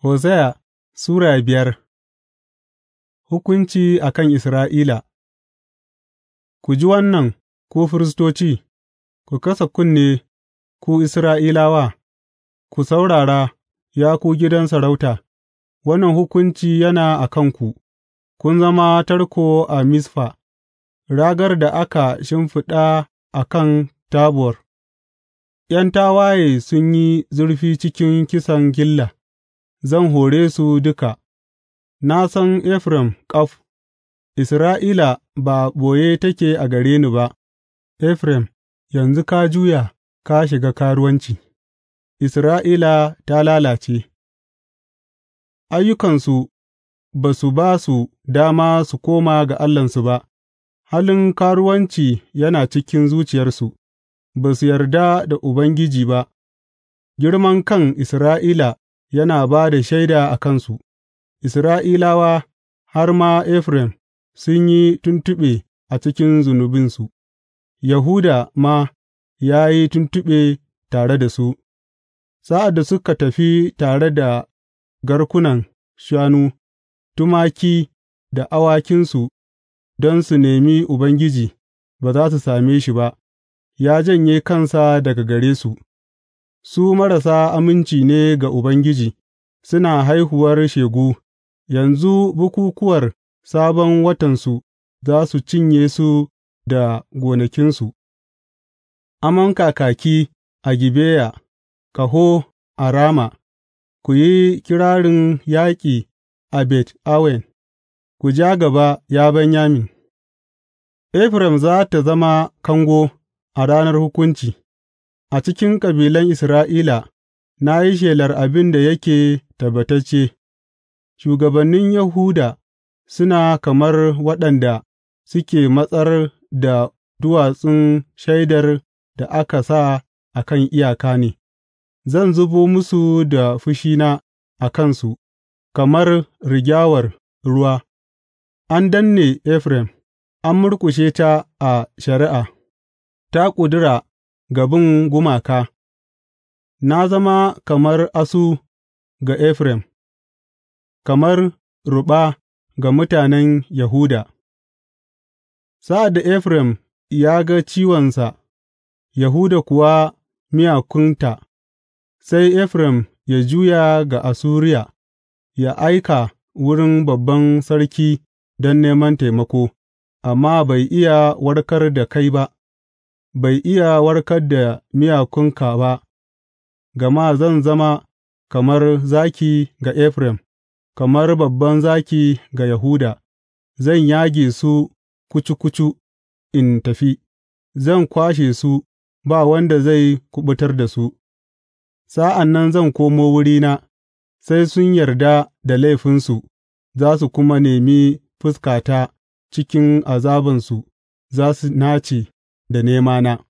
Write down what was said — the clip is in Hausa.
Hosiya Sura biyar Hukunci a kan Isra'ila Ku ji wannan, ku firistoci, ku kasa kunne, ku Isra'ilawa, ku saurara, ya ku gidan sarauta, wannan hukunci yana a kanku, kun zama tarko a misfa, ragar da aka shimfiɗa a kan Tabor, ’yan tawaye sun yi zurfi cikin kisan gilla. zan hore su duka; na san Efraim ƙaf, Isra'ila ba ɓoye take a gare ni ba, Efraim, yanzu ka juya ka shiga karuwanci, Isra'ila ta lalace, ayyukansu ba su ba su dama su koma ga Allahnsu ba, halin karuwanci yana cikin zuciyarsu, ba su yarda da Ubangiji ba, girman kan Isra'ila. yana ba da shaida a kansu, Isra'ilawa har ma Efraim sun yi tuntuɓe a cikin zunubinsu, Yahuda ma ya yi tuntuɓe tare da su, sa'ad da suka tafi tare da garkunan shanu, tumaki da awakinsu don su nemi Ubangiji, ba za su same shi ba, ya janye kansa daga gare su. Su marasa aminci ne ga Ubangiji, suna haihuwar shegu; yanzu bukukuwar Sabon Watansu za su cinye su da gonakinsu, Aman kakaki a Gibeya, kaho a Rama, ku yi kirarin yaƙi a Bet Awen, ku ja gaba, ya Benyamin; Efraim za ta zama kango a ranar hukunci. A cikin kabilan Isra'ila na yi shelar abin da yake tabbatacce, shugabannin Yahuda suna kamar waɗanda suke matsar da duwatsun shaidar da aka sa a kan iyaka ne; zan zubo musu da fushina a kansu kamar rigyawar ruwa, an danne Efraim, an murƙushe ta a shari'a, ta ƙudura. ga bin gumaka, na zama kamar asu ga Efraim, kamar ruɓa ga mutanen Yahuda. Sa'ad da Efraim ya ga ciwonsa, Yahuda kuwa miyakunta, sai Efraim ya juya ga Assuriya, ya aika wurin babban sarki don neman taimako, amma bai iya warkar da kai ba. bai iya warkar da miyakunka ba, gama zan zama kamar zaki ga Efraim, kamar babban zaki ga Yahuda, zan yage su kucu kucu in tafi, zan kwashe su ba wanda zai kuɓutar da su, sa'an nan zan komo wurina, sai sun yarda da laifinsu, za su kuma nemi fuskata cikin azabansu, za su nace. da nemana.